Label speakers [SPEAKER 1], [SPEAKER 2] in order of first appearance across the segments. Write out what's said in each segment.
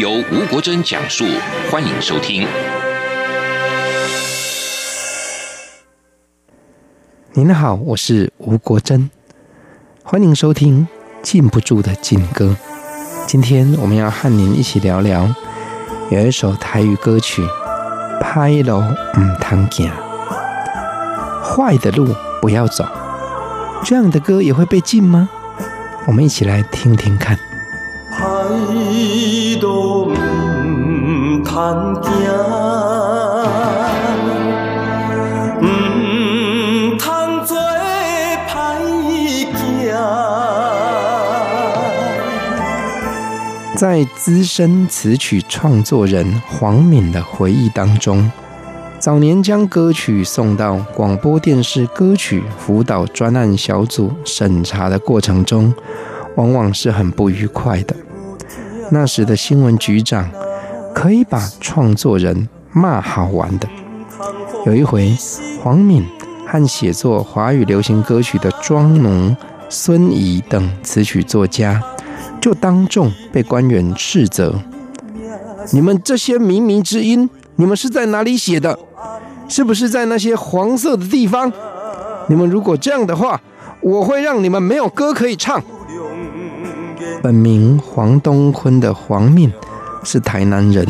[SPEAKER 1] 由吳國珍講述，歡迎收聽。您好，我是吳國珍，歡迎收聽禁不住的禁歌。今天我們要和您一起聊聊，有一首台語歌曲《歹路不通行》，壞的路不要走，這樣的歌也會被禁嗎？我們一起來聽聽看。 在資深詞曲創作人黃敏的回憶當中，早年將歌曲送到廣播電視歌曲輔導專案小組審查的過程中，往往是很不愉快的。那時的新聞局長可以把創作人罵好玩的。有一回，黃敏和寫作華語流行歌曲的莊奴、孫儀等詞曲作家，就當眾被官員斥責：“你們這些靡靡之音，你們是在哪裡寫的？是不是在那些黃色的地方？你們如果這樣的話，我會讓你們沒有歌可以唱。”本名黃東坤的黃敏是台南人，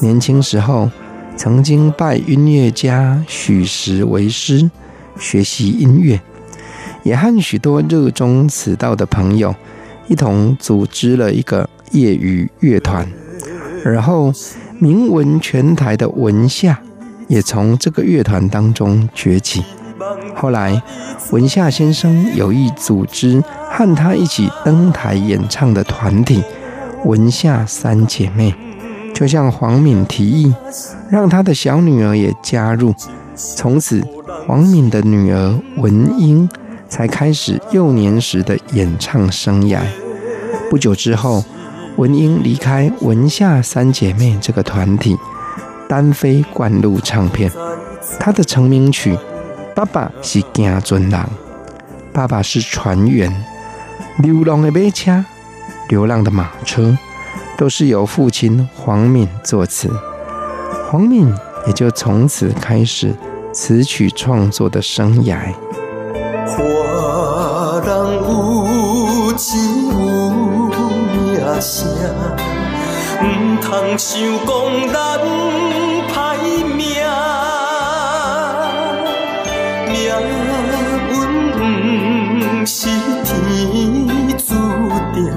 [SPEAKER 1] 年輕時候曾經拜音樂家許石為師學習音樂，也和許多熱衷此道的朋友一同組織了一個業餘樂團。而後名聞全台的文夏也從這個樂團當中崛起。後來，文夏先生有意組織和他一起登台演唱的團體“文夏三姐妹”，就向黃敏提議，讓他的小女兒也加入。從此，黃敏的女兒文英才開始幼年時的演唱生涯。不久之後，文英離開“文夏三姐妹”這個團體，單飛灌錄唱片。她的成名曲。爸爸是行船人，爸爸是船員，流浪的馬車，流浪的馬車，都是由父親黃敏作詞，黃敏也就從此開始詞曲創作的生涯。華人有錢有名聲，不通想講難歹是天注定，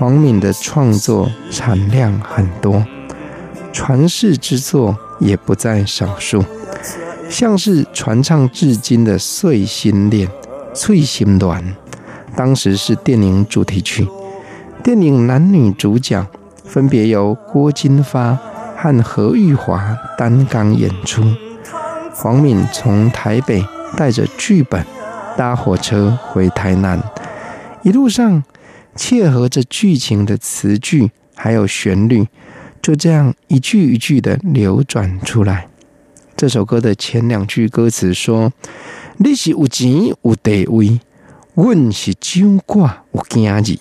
[SPEAKER 1] 黃敏的創作產量很多，傳世之作也不在少數，像是傳唱至今的《碎心戀》《碎心戀》，當時是電影主題曲，電影男女主角分別由郭金發，和何玉華擔綱演出，黃敏從台北帶着劇本搭火車回台南，一路上切合着劇情的詞句還有旋律，就這樣一句一句的流轉出來。這首歌的前兩句歌詞說：“你是有錢有地位，問是怎卦我跟阿姐。”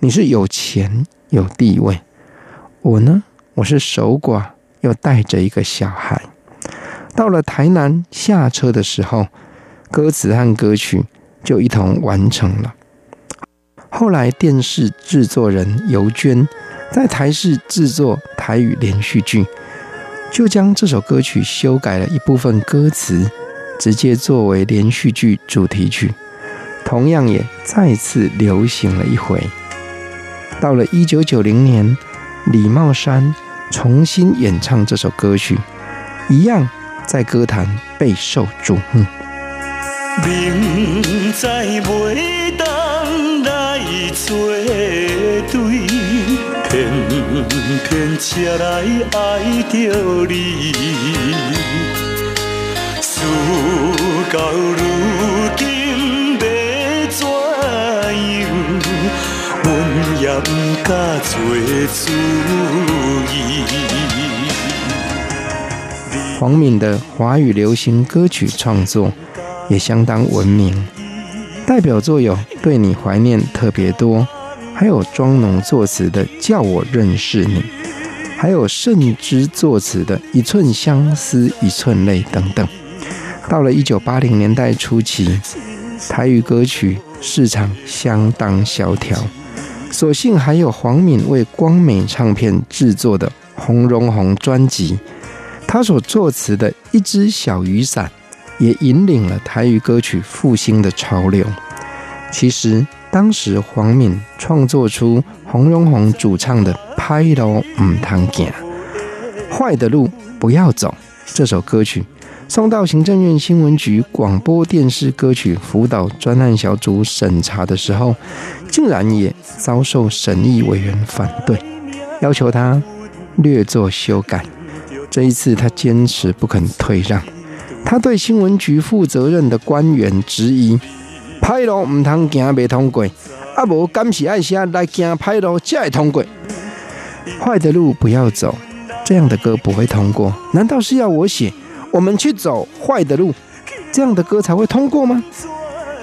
[SPEAKER 1] 你是有錢有地位，我呢？我是守寡，又帶着一個小孩，到了台南下車的時候，歌詞和歌曲就一同完成了。後來電視製作人尤娟在台視製作台語連續劇，就將這首歌曲修改了一部分歌詞，直接作為連續劇主題曲，同樣也再次流行了一回。到了一九九零年，李茂山重新演唱這首歌曲，一樣在歌壇備受矚目。明知袂當來作對，偏偏卻來愛着你，事到如今。黃敏的華語流行歌曲創作也相當聞名，代表作有《對你懷念特別多》，還有莊奴作詞的《叫我認識你》，還有孫儀作詞的《一寸相思一寸淚》等等。到了一九八零年代初期，台語歌曲市場相當蕭條。所幸還有黃敏為光美唱片制作的《洪榮宏》專輯，他所作詞的一支小雨傘，也引領了台語歌曲復興的潮流。其實當時黃敏創作出洪榮宏主唱的《歹路不通行》，壞的路不要走這首歌曲。送到行政院新聞局廣播電視歌曲輔導專案小組審查的時候，竟然也遭受審議委員反對，要求他略作修改。這一次他堅持不肯退讓，他對新聞局負責任的官員質疑：歹路毋通行未通過，阿婆，甘是愛寫來行歹路，才會通過。壞的路不要走，這樣的歌不會通過。難道是要我寫？我們去走壞的路，這樣的歌才會通過嗎？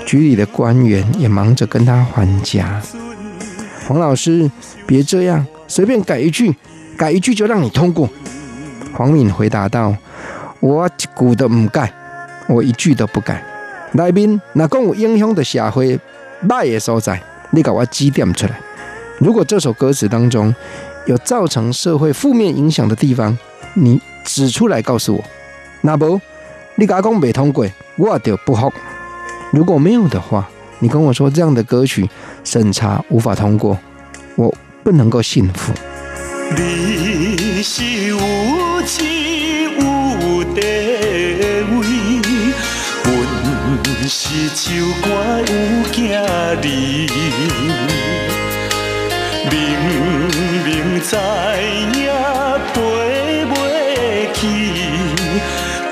[SPEAKER 1] 局裡的官員也忙着跟他還價。黃老師，別這樣，隨便改一句，改一句就讓你通過。黃敏回答道：“我都不改，我一句都不改。來賓，那跟我影響的社會大爺所在，你給我指點出來。如果這首歌詞當中有造成社會負面影響的地方，你指出來告訴我。”若無，你甲我講未通過，我就不服。如果沒有的話，你跟我說這樣的歌曲審查無法通過，我不能夠信服。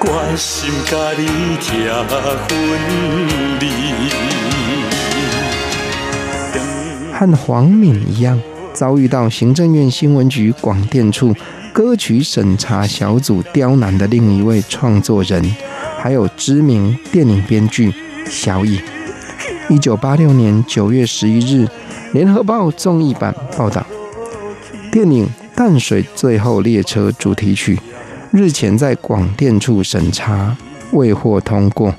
[SPEAKER 1] 關心分和黃敏一樣，遭遇到行政院新聞局廣電處歌曲審查小組刁難的另一位創作人，還有知名電影編劇小野。一九八六年九月十一日，《聯合報》綜藝版報道：電影《淡水最後列車》主題曲。日前在廣電處審查未獲通過，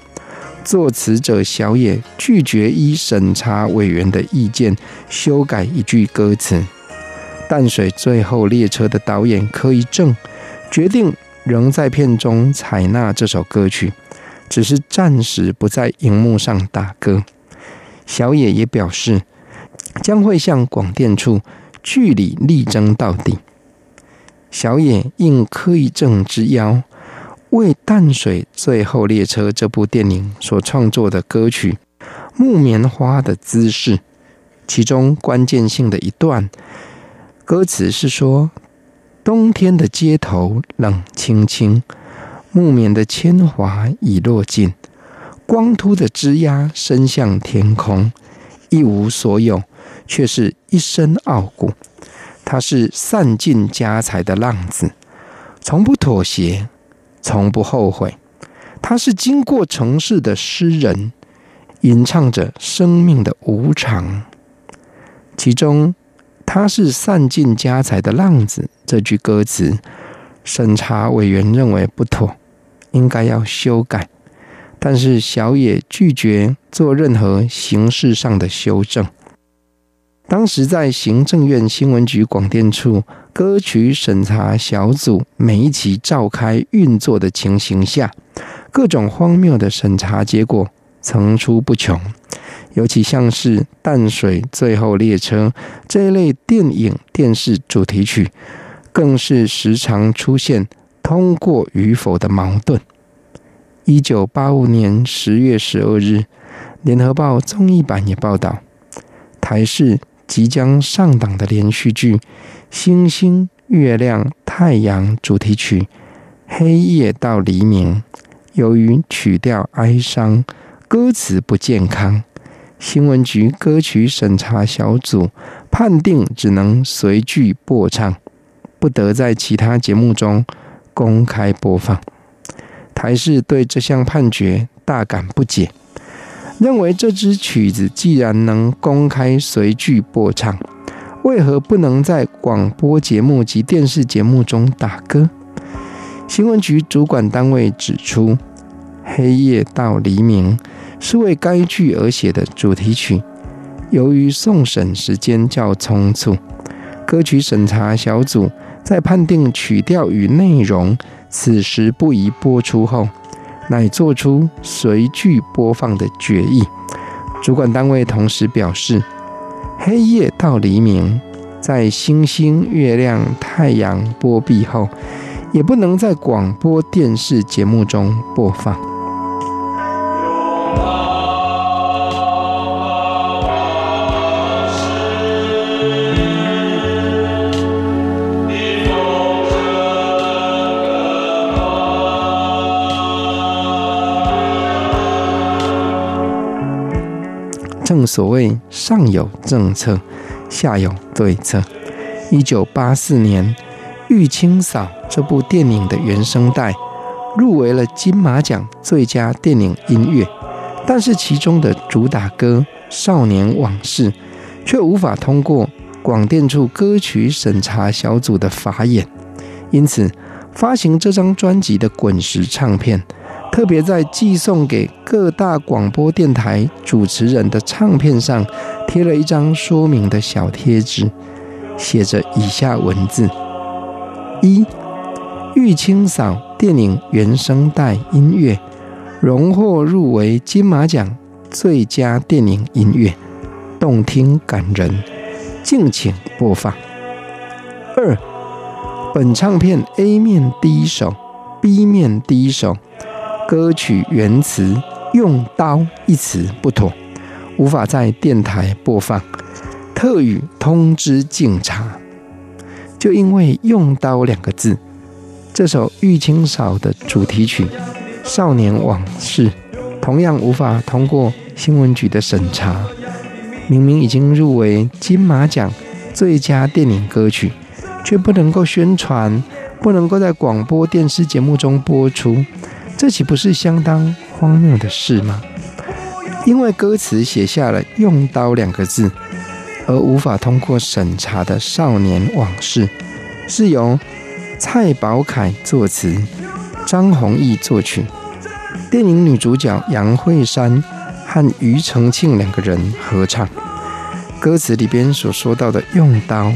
[SPEAKER 1] 作詞者小野拒絕依審查委員的意見修改一句歌詞。淡水最後列車的導演柯一正決定仍在片中採納這首歌曲，只是暫時不在熒幕上打歌。小野也表示將會向廣電處據理力爭到底。小野應柯一正之邀，為《淡水最後列車》這部電影所創作的歌曲《木棉花的姿勢》，其中關鍵性的一段歌詞是說：“冬天的街頭冷清清，木棉的鉛華已落盡，光禿的枝椏伸向天空，一無所有，卻是一身傲骨。”他是散盡家財的浪子，從不妥協，從不後悔。他是經過城市的詩人，吟唱着生命的無常。其中，他是散盡家財的浪子這句歌詞，審查委員認為不妥，應該要修改。但是小野拒絕做任何形式上的修正。當時在行政院新聞局廣電處歌曲審查小組每一期召開運作的情形下，各種荒謬的審查結果層出不窮。尤其像是《淡水最後列車》這一類電影、電視主題曲，更是時常出現通過與否的矛盾。一九八五年十月十二日，《聯合報》綜藝版也報道，台視，即將上檔的連續劇《星星月亮太陽》主題曲《黑夜到黎明》，由於曲調哀傷，歌詞不健康，新聞局歌曲審查小組判定只能隨劇播唱，不得在其他節目中公開播放。台視對這項判決大感不解。認為這支曲子既然能公開隨劇播唱，為何不能在廣播節目及電視節目中打歌？新聞局主管單位指出，《黑夜到黎明》是為該劇而寫的主題曲。由於送審時間較匆促，歌曲審查小組在判定曲調與內容此時不宜播出後，乃做出隨劇播放的決議。主管單位同時表示，黑夜到黎明，在星星、月亮、太陽播畢後，也不能在廣播電視節目中播放。所謂上有政策，下有對策。一九八四年，《玉清嫂》這部電影的原聲帶入圍了金馬獎最佳電影音樂，但是其中的主打歌《少年往事》卻無法通過廣電處歌曲審查小組的法眼，因此發行這張專輯的滾石唱片，特別在寄送給各大廣播電台主持人的唱片上貼了一張說明的小貼紙，寫着以下文字：一、玉卿嫂電影原聲帶音樂，榮獲入圍金馬獎最佳電影音樂，動聽感人，敬請播放。二、本唱片 A 面第一首，B 面第一首。歌曲原詞用“刀”一詞不妥，無法在電台播放，特予通知警察。就因為“用刀”兩個字，這首《玉卿嫂》的主題曲《少年往事》同樣無法通過新聞局的審查。明明已經入圍金馬獎最佳電影歌曲，卻不能夠宣傳，不能夠在廣播電視節目中播出。這豈不是相當荒謬的事嗎？因為歌詞寫下了“用刀”兩個字，而無法通過審查的《少年往事》，是由蔡寶凱作詞、張弘毅作曲，電影女主角楊惠姍和庾澄慶兩個人合唱。歌詞裡邊所說到的“用刀”，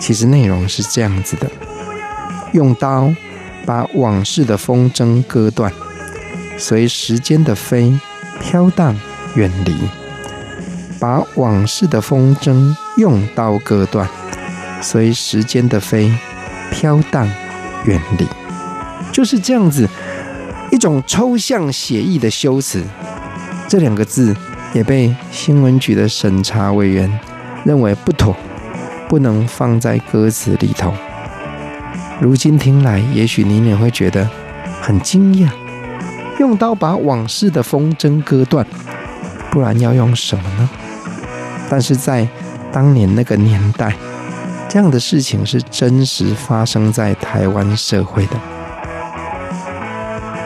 [SPEAKER 1] 其實內容是這樣子的：“用刀。”把往事的風箏割斷，隨時間的飛飄盪遠離。把往事的風箏用刀割斷，隨時間的飛飄盪遠離。就是這樣子一種抽象寫意的修辭，這兩個字也被新聞局的審查委員認為不妥，不能放在歌詞裡頭。如今聽來，也許你也會覺得很驚訝。用刀把往事的風箏割斷，不然要用什麼呢？但是在當年那個年代，這樣的事情是真實發生在台灣社會的。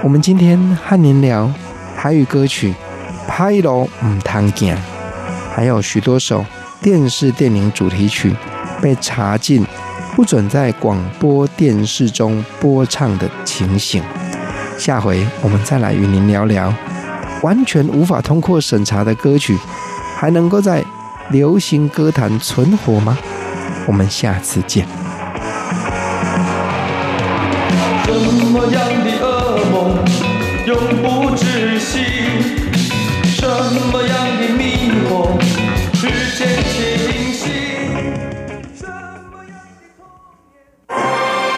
[SPEAKER 1] 我們今天和您聊台語歌曲《歹路不通行》，還有許多首電視電影主題曲被查禁。不准在廣播電視中播唱的情形。下回我們再來與您聊聊，完全無法通過審查的歌曲，還能夠在流行歌壇存活嗎？我們下次見。